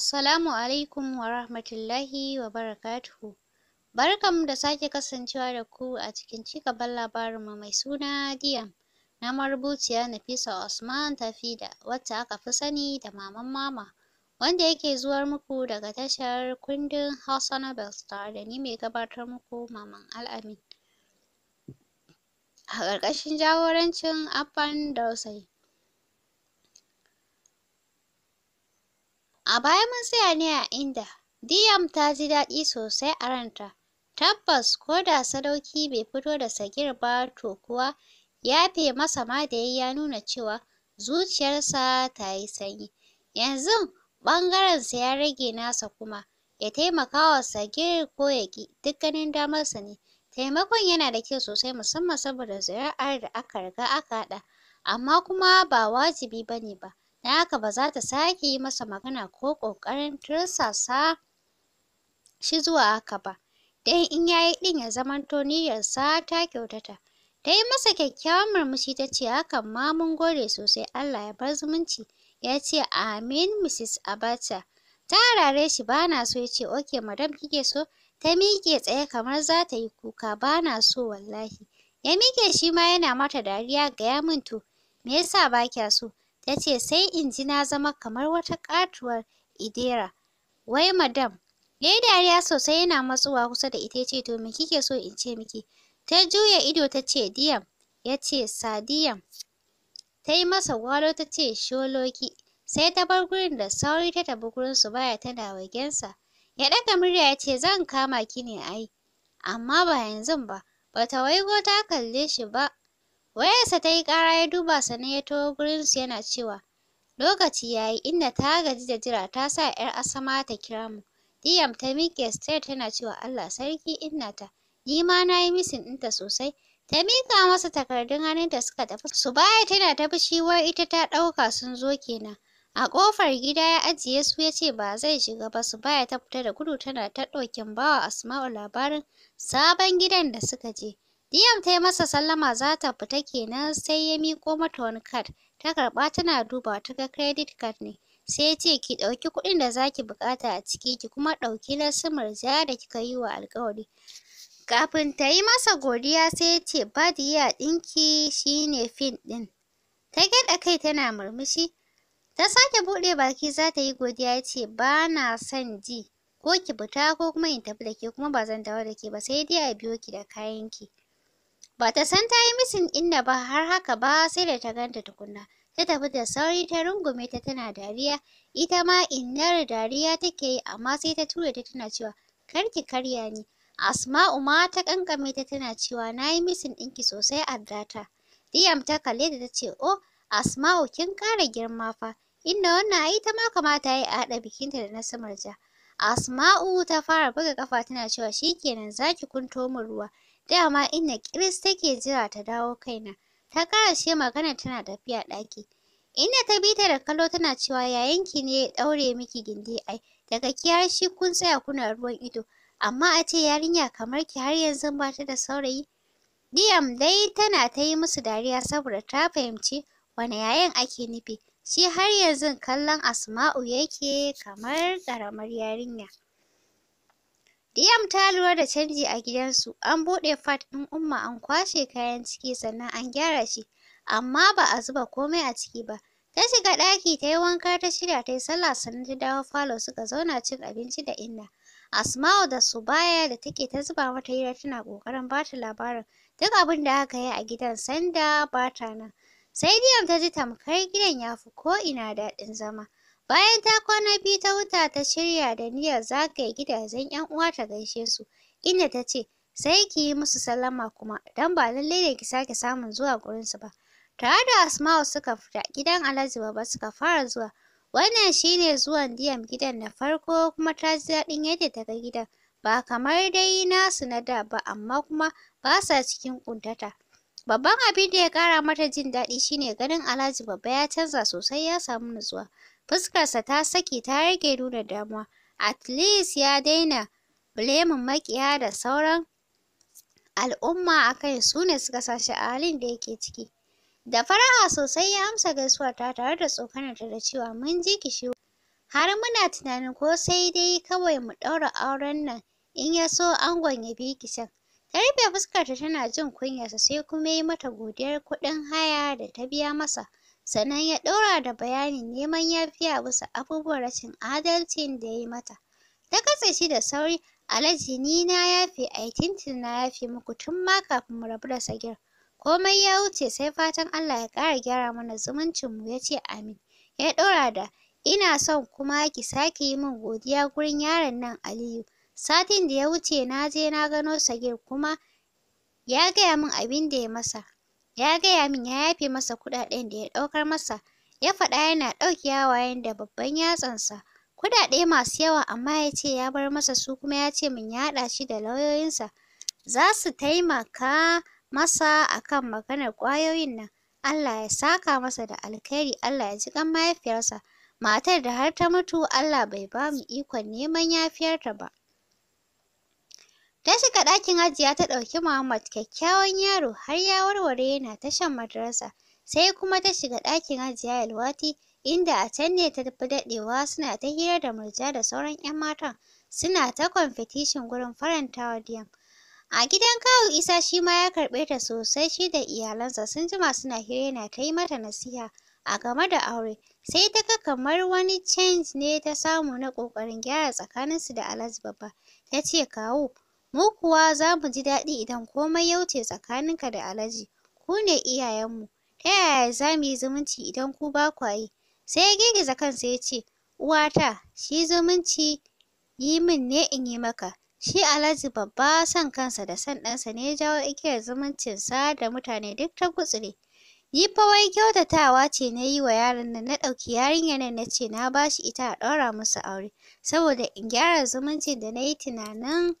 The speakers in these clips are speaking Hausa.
Assalamu alaikum wa rahmatullahi wa barakatuhu. Barkanmu da sake kasancewa da ku a cikin cigaban labarinmu mai suna Diyam na marubuciya Nafisa Usman Tafida wacce aka fi sani da Maman Mama wanda yake zuwar muku daga tashar kundin Hausa Novels tare da ni mai gabatar muku Maman Al'amin. A ƙarƙashin jagorancin afan Dausayi. A baya mun tsaya ne a inda Diyam ta ji daɗi sosai a ranta. Tabbas ko da sadauki bai fito da sagir ba to kuwa yafe masa ma da ya nuna cewa zuciyarsa ta yi sanyi. Yanzu ɓangarensa ya rage nasa kuma ya taimaka wa sagir ko ya ƙi duk ganin damarsa ne. Taimakon yana da kyau sosai musamman saboda zuri'ar da aka riga aka haɗa amma kuma ba wajibi ba ne ba. da haka ba za ta sake yi masa magana ko ƙoƙarin tursasa shi zuwa haka ba don in ya yi ɗin ya zamanto niyyarsa ta kyautata ta yi masa kyakkyawan murmushi ta ce hakan ma mun gode sosai Allah ya bar zumunci ya ce amin Mrs. Abacha ta harare shi ba na so ya ce okay madam kike so ta miƙe tsaye kamar za ta yi kuka ba na so wallahi ya miƙe shi ma yana mata dariya gaya min to me yasa ba kya so ta ce sai in ji na zama kamar wata katuwar idera. Wai madam, ya yi dariya sosai yana matsowa kusa da ita ya ce to kike so in ce miki? Ta juya ido ta ce diyam, ya ce sadiyam. Ta yi masa gwalo ta ce sholoki, sai ta bar gurin da sauri ta tafi gurin su baya tana wagensa. Ya ɗaga murya ya ce zan kama ki ne ai, amma ba yanzu ba, bata waigo ta kalle shi ba. Wayarsa ta yi ƙara ya duba sannan ya taho gurinsu yana cewa, Lokaci ya yi inda ta gaji da jira ta sa ‘yar asama ta kira mu. Diyam ta miƙe straight tana cewa Allah sarki ta, ni ma na yi misin ɗinta sosai. Ta miƙa masa takardun hannunta suka tafi. Su baya tana ta fushi ita ta ɗauka sun zo kenan. A ƙofar gida ya ajiye su ya ce ba zai shiga ba su baya ta fita da gudu tana ta ɗaukin bawa Asma'u labarin sabon gidan da suka je. Diyam ta yi masa sallama za ta fita kenan sai ya miƙo mata wani kad. Ta karɓa tana dubawa ta ga credit card ne. Sai ya ce ki ɗauki kuɗin da za ki buƙata a ciki ki kuma ɗauki rasimar ja da kika yi wa alƙawari. Kafin ta yi masa godiya sai ya ce badiya ɗinki shi ne fin ɗin. Ta gyaɗa kai tana murmushi. Ta sake buɗe baki za ta yi godiya ya ce ba na son ji. Ko ki fita ko kuma in tafi da ke kuma ba zan dawo da ke ba sai dai a biyo ki da kayanki. Ba ta san ta yi misin inna ba har haka ba sai da ta ganta tukunna. Ta tafi da sauri ta rungume ta tana dariya. Ita ma innar dariya take yi amma sai ta ture ta tana cewa kar ki karya ni. Asma'u ma ta kankame ta tana cewa na yi misin ɗinki sosai a data. Diyam ta kalle ta ce oh Asma'u kin kara girma fa. Inda wannan ai ta ma kamata ya yi a haɗa bikinta da na samarja. Asma'u ta fara buga kafa tana cewa shikenan za ki kunto min ruwa. Dama inna kiris take jira ta dawo kaina. Ta karashe magana tana tafiya ɗaki. Inna ta bi ta da kallo tana cewa yayanki ne ya ɗaure miki gindi ai. Daga ki shi kun tsaya kuna ruwan ido. Amma a ce yarinya kamar ki har yanzu ba ta da saurayi. Diyam dai tana ta yi musu dariya saboda ta fahimci wane yayan ake nufi. Shi har yanzu kallon Asma'u yake kamar ƙaramar yarinya. Diyam ta lura da canji a gidansu, an buɗe fat ɗin Umma an kwashe kayan ciki sannan an gyara shi, amma ba a zuba komai a ciki ba. Ta shiga ɗaki ta yi wanka ta shirya ta yi sallah sannan ta dawo falo suka zauna cin abinci da Inna. Asma'u da su baya da take ta zuba mata hira tana ƙoƙarin ba ta labarin duk abin da aka yi a gidan sanda ba ta nan. Sai Diyam ta ji tamkar gidan ya fi ina daɗin zama. Bayan ta kwana biyu ta wuta ta shirya da niyyar zagaye gidajen 'yan uwa ta gaishe su, inda ta ce, sai ki yi musu sallama kuma, don ba lallai ne ki sake samun zuwa gurinsu ba. Tare da Asma'u suka fita, gidan Alhaji Baba suka fara zuwa. Wannan shi ne zuwan Diyam gidan na farko kuma ta ji daɗin yadda ta ga gidan. Ba kamar dai nasu na da ba, amma kuma ba sa cikin ƙuntata. Babban abin da ya ƙara mata jin daɗi shine ganin Alhaji Baba ya canza sosai ya samu nutsuwa. Fuskarsa ta saki ta rage nuna damuwa. At least ya daina blaming makiya da sauran al'umma a kai su ne suka sa shi a halin da yake ciki. Da fara'a sosai ya amsa gaisuwar ta tare da tsokanarta da cewa mun ji shi har muna tunanin ko sai dai kawai mu ɗaura auren nan in ya so angon ya bi ki can. Ta rufe fuskarta tana jin kunyarsa sai kuma yi mata godiyar kuɗin haya da ta biya masa. sannan ya ɗora da bayanin neman yafiya bisa abubuwan rashin adalcin da yayi mata. Ta katse shi da sauri, Alhaji ni na yafe, ai tuntun na yafe muku tun ma kafin mu rabu da Sagir. Komai ya wuce sai fatan Allah ya ƙara gyara mana zumuncinmu ya ce amin. Ya ɗora da ina son kuma ki sake yi min godiya gurin yaron nan Aliyu. Satin da ya wuce naje na gano Sagir kuma ya gaya min abin da ya masa. ya gaya min ya yafe masa kuɗaɗen da ya ɗaukar masa ya faɗa yana ɗauke yawayen da babban yatsansa kuɗaɗe masu yawa amma ya ce ya bar masa su kuma ya ce min ya haɗa shi da lauyoyinsa za su taimaka masa a kan maganar kwayoyin nan Allah ya saka masa da alkhairi Allah ya ji kan mahaifiyarsa matar da har ta mutu Allah bai ba mu ikon neman yafiyarta ba Ta shiga ɗakin ajiya ta ɗauki Muhammad kyakkyawan yaro har ya warware yana ta shan madarasa. Sai kuma ta shiga ɗakin Hajiya Yalwati inda a can ne ta fi daɗewa suna ta hira da murja da sauran 'yan matan suna ta competition gurin farantawa Diyam. A gidan kawu Isa shi ma ya karɓe ta sosai shi da iyalansa sun jima suna hira yana ta yi mata nasiha a game da aure. Sai ta ga kamar wani change ne ta samu na ƙoƙarin gyara tsakaninsu da Alhaji Babba. Ta ce kawu Mu kuwa za mu ji daɗi idan komai ya wuce tsakaninka da Alhaji, ku ne iyayenmu, ta yaya za mu yi zumunci idan ku ba kwa yi? Sai ya girgiza kansa ya ce, Uwata, shi zumunci yi min ne in yi maka, shi Alhaji babba son kansa da son ɗansa ne ya jawo igiyar zumuncinsa da mutane duk ta gutsire. Ni fa wai kyautatawa ce na yi wa yaron nan na ɗauki yarinyar nan na ce na ba shi ita a ɗora musu aure, saboda in gyara zumuncin da na yi tunanin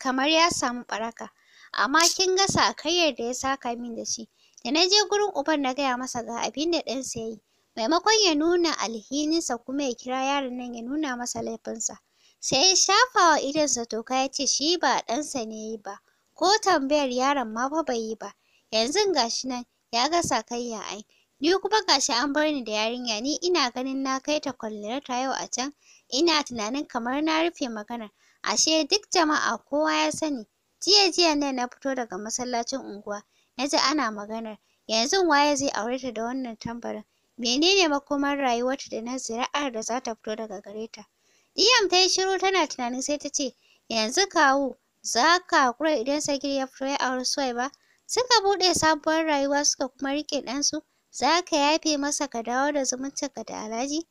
kamar ya samu ɓaraka. Amma kin ga sakayyar da ya saka min da shi. Da na je gurin uban na gaya masa ga abin da ɗansa ya yi. Maimakon ya nuna alhininsa kuma ya kira yaron nan ya nuna masa laifinsa. Sai ya shafa wa idonsa toka ya ce shi ba ɗansa ne ya yi ba, ko tambayar yaron ma fa bai yi ba. Yanzu ga shi nan ya ga sakayya ai. Ni kuma ga shi an bar ni da yarinya ni ina ganin na kai ta kwalliyarta yau a can. Ina tunanin kamar na rufe maganar. Ashe duk jama'a kowa ya sani. Jiya jiya ne na fito daga masallacin unguwa, naji ana maganar, yanzu waye zai aure ta da wannan tambarin? Menene makomar rayuwarta da na ziraar da za ta fito daga gare ta? Iyam tayi shiru tana tunani sai ta ce, yanzu kawu, za ka haƙura idan Sagir ya fito ya auri Suwaiba? Suka buɗe sabuwar rayuwa suka kuma riƙe ɗansu, za ka yafe masa ka dawo da zumuncinka da Alhaji?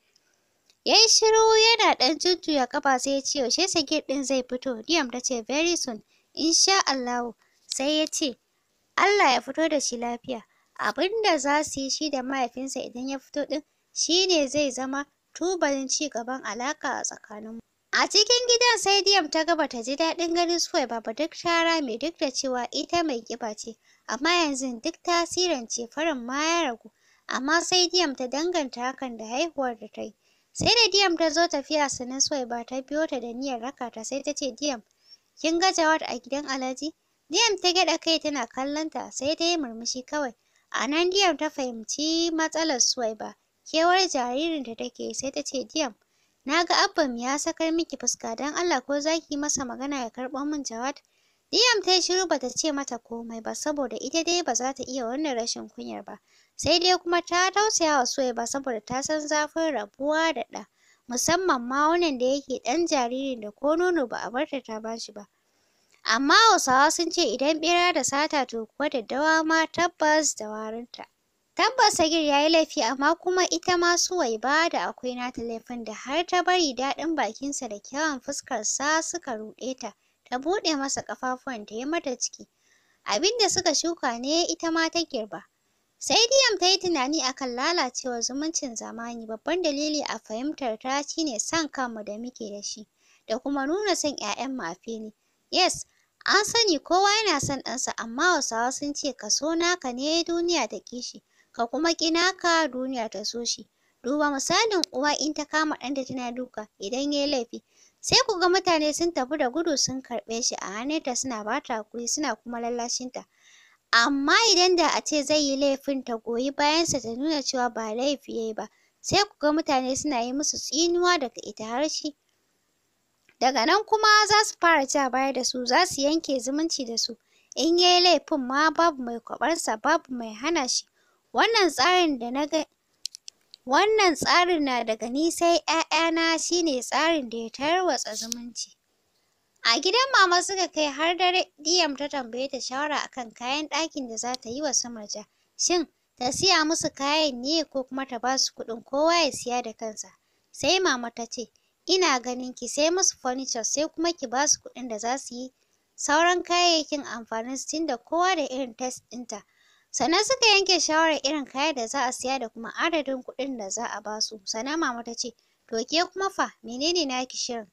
Ya yi shiru yana ɗan jujjuya ƙafa sai ya ce yaushe Sagir ɗin zai fito. Diyam ta ce very soon insha Allahu. Sai ya ce Allah ya fito da shi lafiya. Abin da za su yi shi da mahaifinsa idan ya fito ɗin shi ne zai zama tubalin ci gaban alaka a tsakanin mu A cikin gidan sai Diyam ta gaba ta ji daɗin ganin Suwai ba duk shara mai duk da cewa ita mai ƙiba ce, amma yanzu duk tasirin ce farin ma ya ragu, amma sai Diyam ta danganta hakan da haihuwar da ta yi. Sai da Diyam ta zo tafiya sannan Suwaiba ta biyo ta da niyyar raka ta sai ta ce Diyam kin ga Jawad a gidan Alhaji? Diyam ta gyaɗa kai tana kallon ta sai ta yi murmushi kawai. A nan Diyam ta fahimci matsalar Suwaiba. Kewar jaririn da take sai ta ce Diyam na ga abban ya sakar miki fuska don Allah ko za ki masa magana ya karɓo min Jawad? Diyam ta yi shiru bata ce mata komai ba saboda ita dai ba za ta iya wannan rashin kunyar ba. Sai dai kuma ta tausaya wa Suwaiba saboda ta san zafin rabuwa da ɗa, musamman ma wannan da yake ɗan jaririn da ko nono ba a bar ta ba shi ba. Amma Hausawa sun ce idan ɓera da sata to kuwa daddawa ma tabbas da warinta. Tabbas Sagir ya yi laifi amma kuma ita ma Suwaiba da akwai nata laifin da har ta bari daɗin bakinsa da kyawun fuskarsa suka ruɗe ta, ta buɗe masa ta ya mata ciki. abinda suka shuka ne ita ma ta girba. Sai Diyam ta yi tunani a kan lalacewar zumuncin zamani babban dalili a fahimtar ta shi ne son kanmu da muke da shi da kuma nuna son 'ya'yan mu a fili. Yes, an sani kowa yana son ɗansa amma Hausawa sun ce kaso naka ne duniya ta ƙi shi, ka kuma ƙi naka duniya ta so shi. Duba misalin uwa in ta kama ɗanta tana duka idan ya yi laifi, sai ku ga mutane sun tafi da gudu sun karɓe shi a hannunta suna ba ta haƙuri suna kuma lallashinta. Amma idan da a ce zai yi laifin ta goyi bayansa ta nuna cewa ba laifi yayi ba, sai ku ga mutane suna yi musu tsinuwa daga ita har shi. Daga nan kuma za su fara ja baya da su, za su yanke zumunci da su. In yayi laifin ma babu mai kwaɓarsa, babu mai hana shi. Wannan tsarin da na ga Wannan tsarin na daga ni sai 'ya'yana shine tsarin da ya tarwatsa zumunci. A gidan mama suka kai har dare, Diyam ta tambaye ta shawara akan kayan ɗakin da za ta yi wa Samarja. Shin ta siya musu kayan ne ko kuma ta ba su kuɗin kowa ya siya da kansa? Sai mama ta ce, ina ganin ki sai musu furniture sai kuma ki ba su kuɗin da za su yi sauran kayayyakin amfanin su tunda kowa da irin test ɗinta. Sannan suka yanke shawarar irin kayan da za a siya da kuma adadin kuɗin da za a ba su. Sannan mama ta ce, to ke kuma fa menene naki shirin?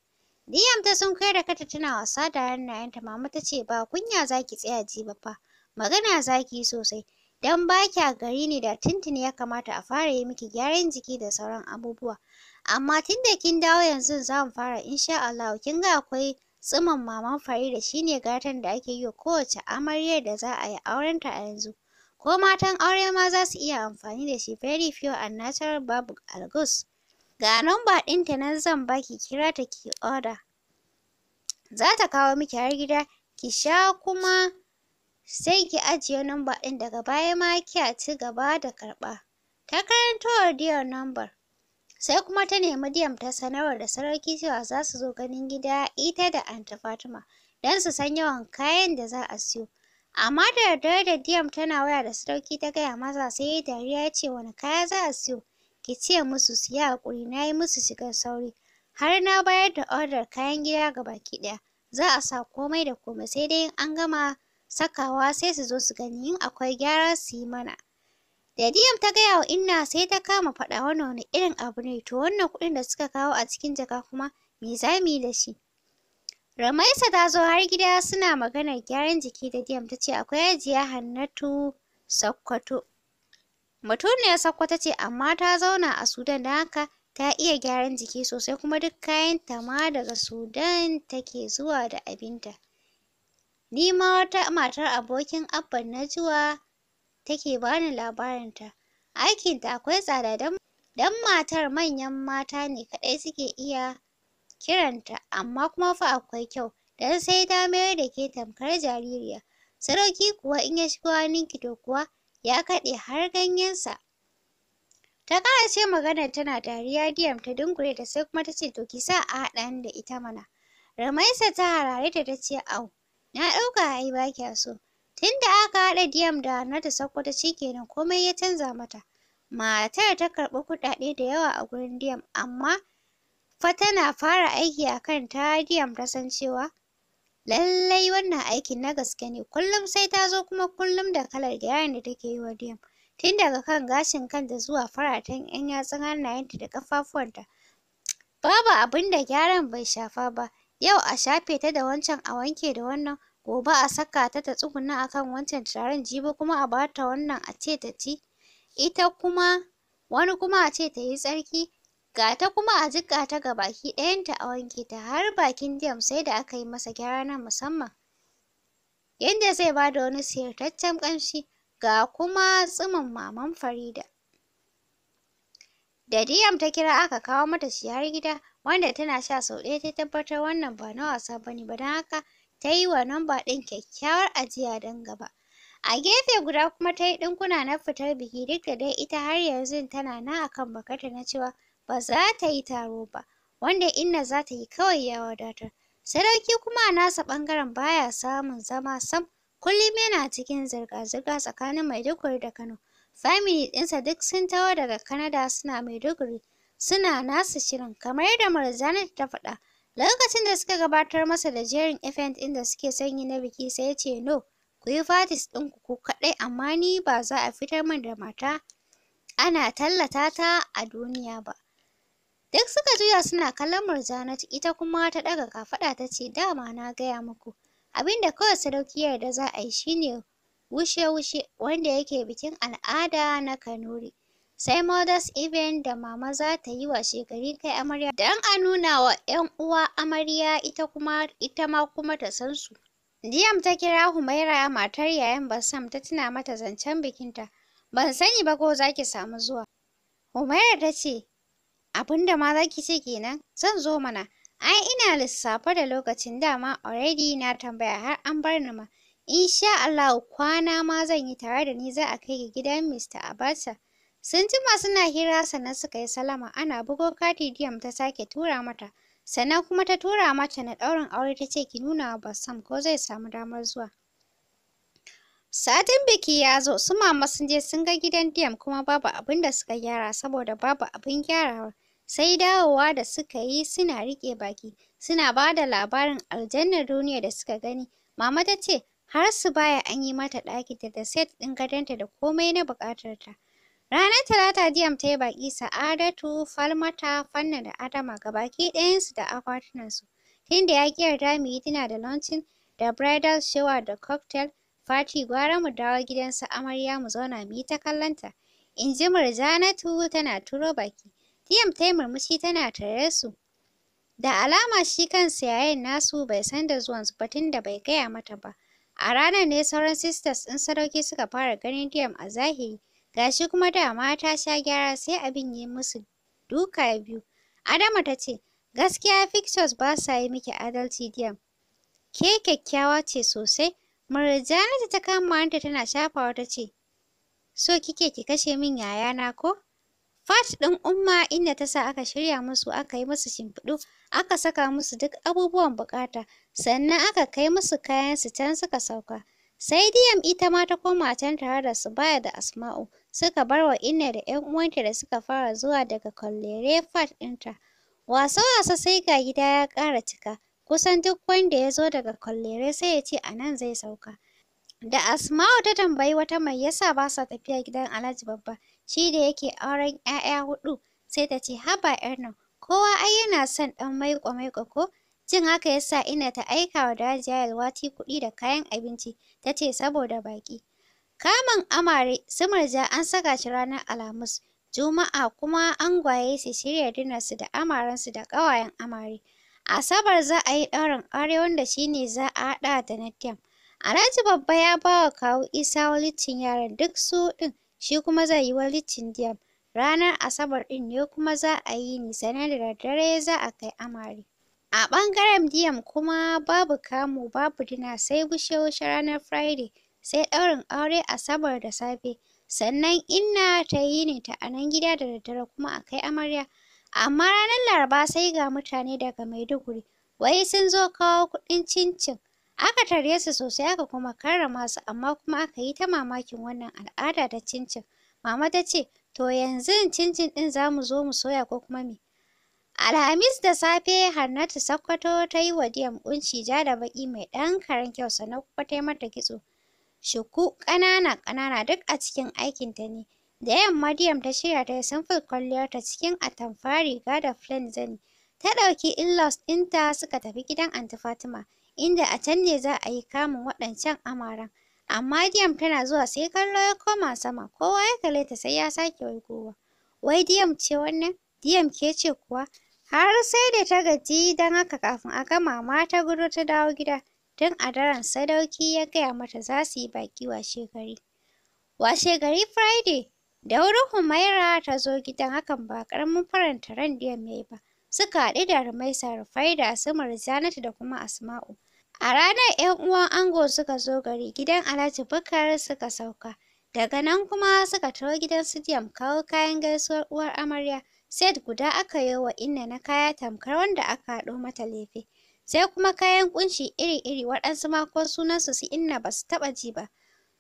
Liam ta sun kai da kata tana wasa da hannayenta mama ta ce ba kunya zaki tsaya ji ba fa magana zaki sosai dan ba kya gari ne da tuntuni ya kamata a fara yi miki gyaran jiki da sauran abubuwa amma tun da kin dawo yanzu za mu fara insha Allah kin ga akwai tsumin maman Farida shine gatan da ake yi wa kowace amaryar da za a yi aurenta a yanzu ko matan aure ma za su iya amfani da shi very few and natural babu algus Ga lamba ɗinta nan zan baki kira ta ki oda. Za ta kawo miki har gida ki sha kuma sai ki ajiye lamba ɗin daga baya ma kiya ci gaba da karɓa. Ta karanto wa Diyar lambar. Sai kuma ta nemi Diyam ta sanarwa da sarauki cewa za su zo ganin gida ita da Anta Fatima don su san yawan kayan da za a siyo. Amma da daddare da Diyam tana waya da sarauki ta gaya masa sai ya dariya ya ce wani kaya za a siyo. ki ce musu su yi haƙuri na yi musu shigar sauri har na bayar da odar kayan gida ga baki ɗaya za a sa komai da komai sai dai in an gama sakawa sai su zo su gani in akwai gyara su yi mana da diyam ta gaya wa inna sai ta kama faɗa wannan wani irin abu ne to wannan kuɗin da suka kawo a cikin jaka kuma me za mu yi da shi Ramaisa ta zo har gida suna maganar gyaran jiki da Diyam ta ce akwai ajiya Hannatu Sokoto. Mutuniyar ta ce amma ta zauna a Sudan da haka ta iya gyaran jiki sosai kuma duk kayan ta ma daga Sudan take zuwa da abinta. Ni ma wata matar abokin Abba Najwa take bani labarinta. Aikinta akwai tsada don don matar manyan mata ne kaɗai suke iya kiranta amma kuma fa akwai kyau don sai ta mayar da ke tamkar jaririya. Sarauki kuwa in ya shigo hannunki to kuwa ya kaɗe har ganyensa. Ta ƙara ce magana tana dariya diyam ta dungure da sai kuma ta ce to ki sa a haɗa ni da ita mana. Ramaisa ta harare ta ta ce au na ɗauka ai ba kya so. Tunda aka haɗa diyam da na ta sako ta ce kenan komai ya canza mata. Matar ta karɓi kuɗaɗe da yawa a gurin diyam amma fa tana fara aiki a kan ta diyam ta san cewa Lallai wannan aikin na gaske ne, kullum sai ta zo kuma kullum da kalar gyaran da take yi wa Diyam. Tun daga kan gashin kanta zuwa faratan 'yan yatsun hannayenta da ƙafafuwanta. Babu abin da gyaran bai shafa ba. Yau a shafe ta da wancan a wanke da wannan, gobe a saka ta ta tsuguna a kan wancan turaren, jibi kuma a ba ta wannan a ce ta ci, ita kuma wani kuma a ce ta yi tsarki. ga ta kuma a jiƙa ta ga baki ɗayanta a wanke ta har bakin dam sai da aka yi masa gyara na musamman yadda zai ba da wani sirtaccen ƙamshi ga kuma tsimin maman Farida da diyam ta kira aka kawo mata shi har gida wanda tana sha sau ɗaya ta tabbatar wannan ba na wasa bane ba don haka ta yi wa namba ɗin kyakkyawar ajiya don gaba A gefe guda kuma ta yi ɗinkuna na fitar biki duk da dai ita har yanzu tana nan a kan bakarta na cewa ba za ta yi taro ba, wanda Inna za ta yi kawai ya wadatar. Sadauki kuma a nasa ɓangaren baya samun zama sam, kullum yana cikin zirga-zirga tsakanin Maiduguri da Kano. Famili ɗinsa duk sun taho daga kanada suna Maiduguri, suna nasu shirin, kamar yadda Murjanat ta faɗa. Lokacin da suka gabatar masa da jerin event ɗin da suke sanyi na biki sai ya ce no, ku yi fatis ɗinku ku kaɗai amma ni ba za a fitar min da mata ana tallata ta a duniya ba. Duk suka juya suna kallon Murjanat ita kuma ta ɗaga kafaɗa ta ce dama na gaya muku. Abin da kawai sadaukiyar da za a yi shine wushe-wushe wanda yake bikin al'ada na Kanuri. Sai Mothers Event da mama za ta yi wa shekaru kai amarya don a nuna wa 'yan uwa amarya ita kuma ita ma kuma ta san su. Diyam ta kira Humaira matar yayan Bassam ta tuna mata zancen bikinta. Ban sani ba ko za ki samu zuwa. Humaira ta ce, Abin da ma za ki ce kenan, zan zo mana. Ai ina lissafa da lokacin dama already na tambaya har an bar ni ma. Insha Allah kwana ma zan yi tare da ni za a kai ki gidan Mr. Abacha. Sun jima suna hira sannan suka yi salama ana bugo kati diyam ta sake tura mata. Sannan kuma ta tura mata na ɗaurin aure ta ce ki nuna wa Bassam ko zai samu damar zuwa. Satin biki ya zo su mama sun je sun ga gidan diyam kuma babu abin da suka gyara saboda babu abin gyarawa. sai dawowa da suka yi suna riƙe baki suna ba da labarin aljannar duniya da suka gani mama ta ce har su baya an yi mata ɗakinta da set ɗin gadonta da komai na ta. ranar talata diyam ta yi baƙi sa'adatu falmata fanna da adama gabaki ɗayansu da akwatunansu tunda ya ƙi yarda mu yi dina da launching da bridal shower da cocktail party gwara mu dawo gidan su amarya mu zauna mu yi ta kallonta in ji murjanatu tana turo baki Diyam ta yi murmushi tana tare su. Da alama shi kansa yayin nasu bai san da zuwansu ba da bai gaya mata ba. A ranar ne sauran sisters ɗin sadauki suka fara ganin Diyam a zahiri. Gashi kuma ma ta sha gyara sai abin yi musu duka biyu. Adama ta ce, gaskiya pictures ba sa yi miki adalci Diyam. Ke kyakkyawa ce sosai. Murjanatu ta kama hanta tana shafawa ta ce, so kike ki kashe min yayana ko? Fat ɗin Umma inda ta sa aka shirya musu aka yi musu shimfiɗu, aka saka musu duk abubuwan buƙata, sannan aka kai musu kayansu can suka sauka. Sai Diyam ita ma ta koma can tare da su baya da Asma'u, suka bar wa Inna da ‘yan uwanta da suka fara zuwa daga kwallere Fat ɗinta. Wasa-wasa sai ga gida ya ƙara cika, kusan duk wanda ya zo daga kwallere sai ya ce a nan zai sauka. Da Asma'u ta tambayi wata mai yasa ba sa tafiya gidan Alhaji Babba, shi da yake auren 'ya'ya huɗu sai ta ce haba 'yar nan kowa ai yana son ɗan maiƙo-maiƙo ko jin haka ya sa ina ta aika wa Dajiya Yalwati kuɗi da kayan abinci ta ce saboda baƙi kamun amare sumarja an saka shi ranar Alhamis Juma'a kuma angwaye su shirya dinarsu da su da ƙawayen amare Asabar za a yi ɗaurin aure wanda shi ne za a haɗa da na Alhaji Babba ya ba wa kawu Isa walicin yaran duk su ɗin shi kuma zai yi walicin diyam. Ranar Asabar ɗin ne kuma za a yi ni sanar da daddare za a kai amare. A ɓangaren diyam kuma babu kamu babu dina sai bushe wushe ranar Friday sai ɗaurin aure Asabar da safe. Sannan inna ta yi ne ta a gida da daddare kuma a kai amarya. Amma ranar Laraba sai ga mutane daga Maiduguri wai sun zo kawo kuɗin cincin Aka tarye su sosai aka kuma karrama su amma kuma aka yi ta mamakin wannan al'ada da cincin. Mama ta ce, to yanzu cincin ɗin za mu zo mu soya ko kuma me? Alhamis da safe Hannatu Sakkwato ta yi wa Diyam ƙunci ja da baƙi mai ɗan karen kyau sannan kuma ta yi mata kitso. Shuku ƙanana-ƙanana duk a cikin aikinta ne. Da yamma Diyam ta shirya ta yi samfur kwalliyarta cikin atamfa riga da plain zani. Ta ɗauki in-laws ɗinta suka tafi gidan Aunty Fatima. inda a can ne za a yi kamun waɗancan amaran Amma Diyam tana zuwa sai kallo ya koma sama, kowa ya kalle ta sai ya sake gowa. Wai Diyam ce wannan? Diyam ke ce kuwa? Har sai da ta gaji don haka kafin a gama mata ta gudu ta dawo gida. Tun a daren sadauki ya gaya mata za su yi baƙi washe gari Friday, da wuri Humaira ta zo gidan hakan ba ƙaramin faranta ran Diyam ya yi ba. Suka haɗu da Rumaisa, Rufai da Asma'u, da kuma Asma'u. A ranar 'yan uwan ango suka zo gari gidan Alhaji Bukar suka sauka. Daga nan kuma suka taro gidan su Diyam kawo kayan gaisuwar uwar amarya. Set guda aka yi wa Inna na kaya tamkar wanda aka haɗo mata lefe. Sai kuma kayan ƙunshi iri-iri waɗansu ma ko sunansu su Inna ba su taɓa ji ba.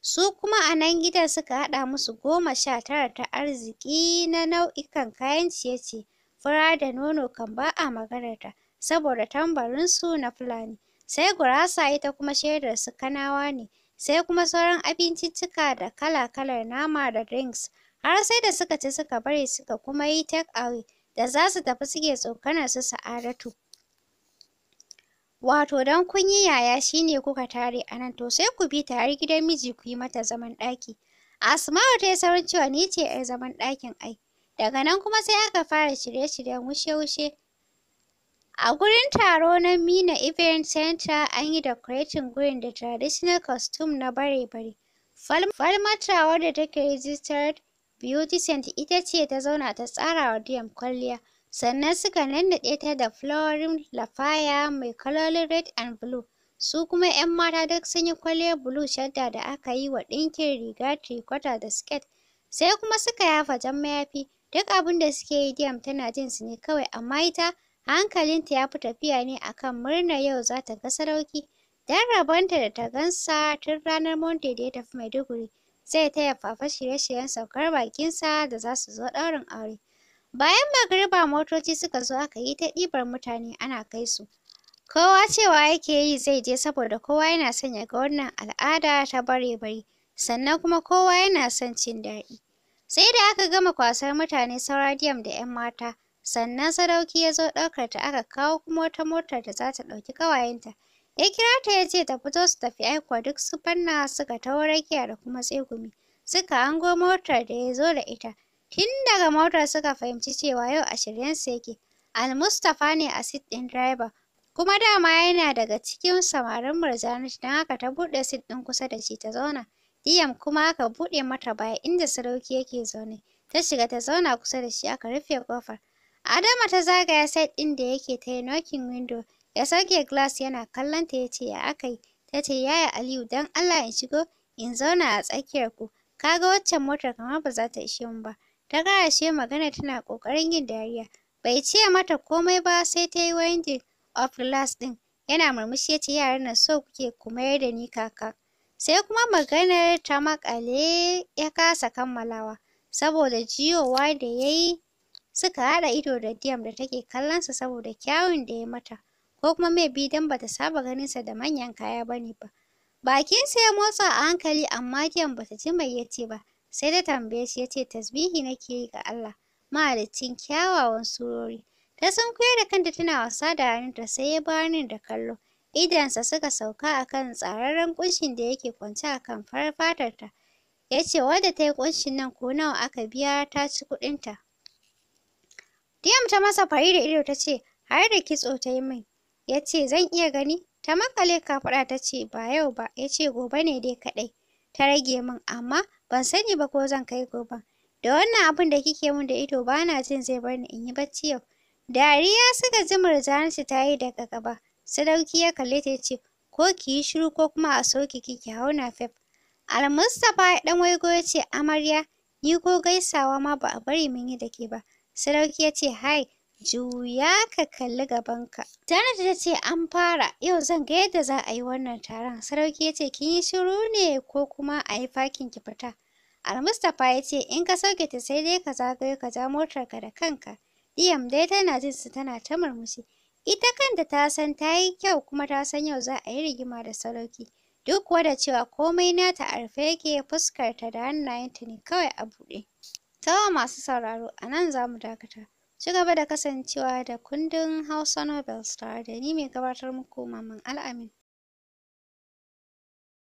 Su kuma a nan gidan suka haɗa musu goma sha tara ta arziki na nau'ikan kayan ciye-ciye. Fura da nono kan ba a maganarta saboda tambarinsu na Fulani. sai gurasa ita kuma shaidar su kanawa ne sai kuma sauran abinciccika da kala-kalar nama da drinks har sai da suka ci suka bari suka kuma yi take away da za su tafi suke tsokanar su sa'adatu wato don kun yi yaya shine kuka tare a nan to sai ku bi tare gidan miji ku yi mata zaman ɗaki Asma'u ta yi saurin cewa ni ce 'yar zaman ɗakin ai daga nan kuma sai aka fara shirye-shiryen wushe-wushe A gurin taro na Mina Event Center, an yi decorating gurin da traditional costume na bare-bare. Falmata, wadda take registered beauty center ita ce ta zauna ta tsara wa kwalliya, sannan suka nannaɗe ta da flowering lafaya mai kalolin red and blue. Su kuma 'yan mata duk sun yi kwalliyar blue shadda da aka yi wa ɗinkin riga trikwata da skirt, sai kuma suka yafa jan mayafi. Duk abin da suke yi diyam tana jin su ne kawai, amma ita Hankalinta ya fi tafiya ne akan murnar yau za ta ga sarauki. Don rabonta da ta gansa tun ranar Monday da ya tafi Maiduguri, zai taya Fafa shirye-shiryen saukar baƙinsa da za su zo ɗaurin aure. Bayan magariba motoci suka zo aka yi ta ɗibar mutane ana kai su. Kowa cewa yake yi zai je saboda kowa yana son ya ga wannan al'ada ta bare-bare, sannan kuma kowa yana son cin daɗi. Sai da aka gama kwasar mutane saura diyam da 'yan mata. sannan sadauki ya zo ɗaukar ta aka kawo kuma wata motar da za ta ɗauki ƙawayenta ya kira ta ya ce ta fito su tafi aikuwa duk su fanna suka taho rakiya da kuma tsegumi suka hango motar da ya zo da ita tun daga motar suka fahimci cewa yau a shiryen su yake almustapha ne a sit ɗin driver. kuma dama yana daga cikin samarin murjanat don haka ta buɗe sit ɗin kusa da shi ta zauna diyam kuma aka buɗe mata baya inda sadauki yake zaune ta shiga ta zauna kusa da shi aka rufe ƙofar Adama ta zagaya set ɗin da yake ta yi knocking window, ya sauke glass yana kallon ta yace ce ya aka yi? Ta yaya Aliyu dan Allah in shigo in zauna a tsakiyar ku, kaga waccan motar kamar ba za ta ishe mu ba. Ta she magana tana kokarin yin dariya, bai ce mata komai ba sai ta yi winding of glass ɗin, yana murmushi yace yaran nan so kuke ku mayar da ni kaka. Sai kuma maganar ta maƙale ya kasa kammalawa, saboda jiyowa da ya yi. suka haɗa ido da Diyam da take kallonsa saboda kyawun da ya mata, ko kuma mai bi don bata saba ganinsa da manyan kaya bane ba. Bakinsa ya motsa a hankali amma Diyam bata ji mai yace ba, sai ta tambaye shi yace tasbihi nake yi ga Allah, mahaliccin kyawawan surori. Ta sunkuya da kanta tana wasa da hannunta sai ya bani da kallo. Idonsa suka sauka akan tsararren ƙunshin da yake kwance akan farar fatarta. Ya ce wadda ta yi ƙunshin nan ko nawa aka biya ta ci kuɗinta. Diyam ta masa fari da ido ta ce, har da kitso ta yi mai. Ya ce, zan iya gani? Ta makale kafaɗa ta ce, ba yau ba, ya ce, gobe ne dai kaɗai. Ta rage min, amma ban sani ba ko zan kai gobe. Da wannan abin da kike mun da ido ba na jin zai bar ni in yi bacci yau. Dariya suka ji murjanarsu ta yi daga gaba. Sadauki ya kalle ta ya ce, ko ki yi shiru ko kuma a soki ki ki hau nafef. Almustapha ɗan waigo ya ce, amarya, ni ko gaisawa ma ba a bari mun yi da ke ba. Sarauki ya ce, Hai, juya ka kalli gabanka. Janet ta ce, An fara, yau zan ga yadda za a yi wannan taron. Sarauki ya ce, Kin yi shiru ne ko kuma a yi fakin ki fita? Almustapha ya ce, In ka sauke ta sai dai ka zagayo ka ja motarka da kanka. Diyam dai tana jin su tana ta murmushi. Ita kanta ta san ta yi kyau kuma ta san yau za a yi rigima da Sarauki. Duk kuwa da cewa komai nata a rufe yake fuskarta da hannayenta ne kawai a buɗe. Tawa masu sauraro a nan za mu dakata. Ci gaba da kasancewa da kundin Hausa nobel star da ni mai gabatar muku Maman Al'amin.